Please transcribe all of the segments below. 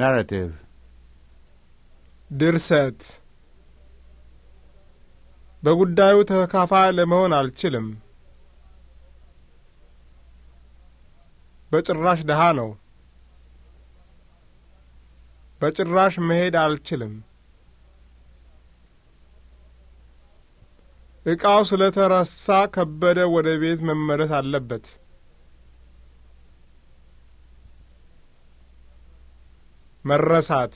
ናራቲቭ ድርሰት በጉዳዩ ተካፋይ ለመሆን አልችልም። በጭራሽ ደሃ ነው። በጭራሽ መሄድ አልችልም። ዕቃው ስለ ተረሳ ከበደ ወደ ቤት መመለስ አለበት። መረሳት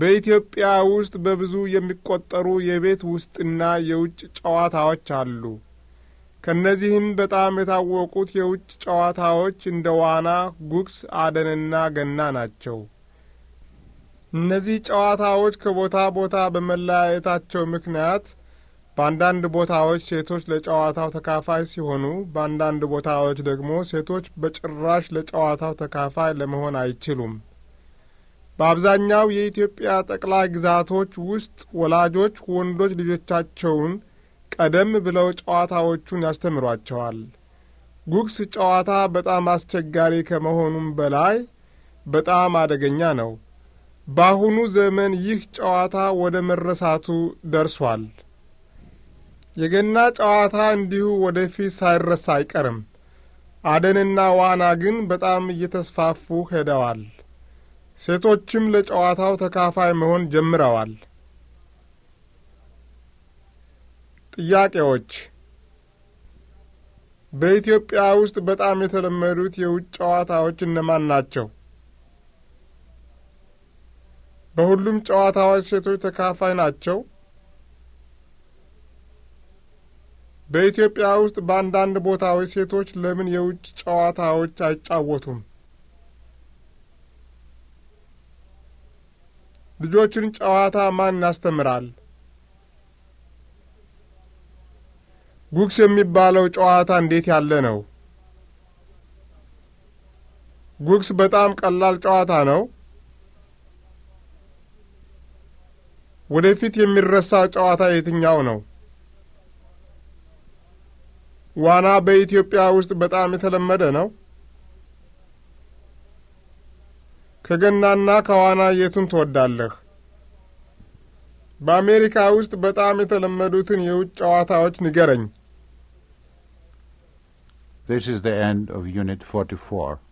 በኢትዮጵያ ውስጥ በብዙ የሚቆጠሩ የቤት ውስጥና የውጭ ጨዋታዎች አሉ። ከእነዚህም በጣም የታወቁት የውጭ ጨዋታዎች እንደ ዋና፣ ጉግስ፣ አደንና ገና ናቸው። እነዚህ ጨዋታዎች ከቦታ ቦታ በመለያየታቸው ምክንያት በአንዳንድ ቦታዎች ሴቶች ለጨዋታው ተካፋይ ሲሆኑ፣ በአንዳንድ ቦታዎች ደግሞ ሴቶች በጭራሽ ለጨዋታው ተካፋይ ለመሆን አይችሉም። በአብዛኛው የኢትዮጵያ ጠቅላይ ግዛቶች ውስጥ ወላጆች ወንዶች ልጆቻቸውን ቀደም ብለው ጨዋታዎቹን ያስተምሯቸዋል። ጉግስ ጨዋታ በጣም አስቸጋሪ ከመሆኑም በላይ በጣም አደገኛ ነው። በአሁኑ ዘመን ይህ ጨዋታ ወደ መረሳቱ ደርሷል። የገና ጨዋታ እንዲሁ ወደፊት ሳይረሳ አይቀርም። አደንና ዋና ግን በጣም እየተስፋፉ ሄደዋል። ሴቶችም ለጨዋታው ተካፋይ መሆን ጀምረዋል። ጥያቄዎች በኢትዮጵያ ውስጥ በጣም የተለመዱት የውጭ ጨዋታዎች እነማን ናቸው? በሁሉም ጨዋታዎች ሴቶች ተካፋይ ናቸው? በኢትዮጵያ ውስጥ በአንዳንድ ቦታዎች ሴቶች ለምን የውጭ ጨዋታዎች አይጫወቱም? ልጆችን ጨዋታ ማን ያስተምራል? ጉግስ የሚባለው ጨዋታ እንዴት ያለ ነው? ጉግስ በጣም ቀላል ጨዋታ ነው። ወደፊት የሚረሳ ጨዋታ የትኛው ነው? ዋና በኢትዮጵያ ውስጥ በጣም የተለመደ ነው። ከገናና ከዋና የቱን ትወዳለህ? በአሜሪካ ውስጥ በጣም የተለመዱትን የውጭ ጨዋታዎች ንገረኝ። This is the end of Unit 44.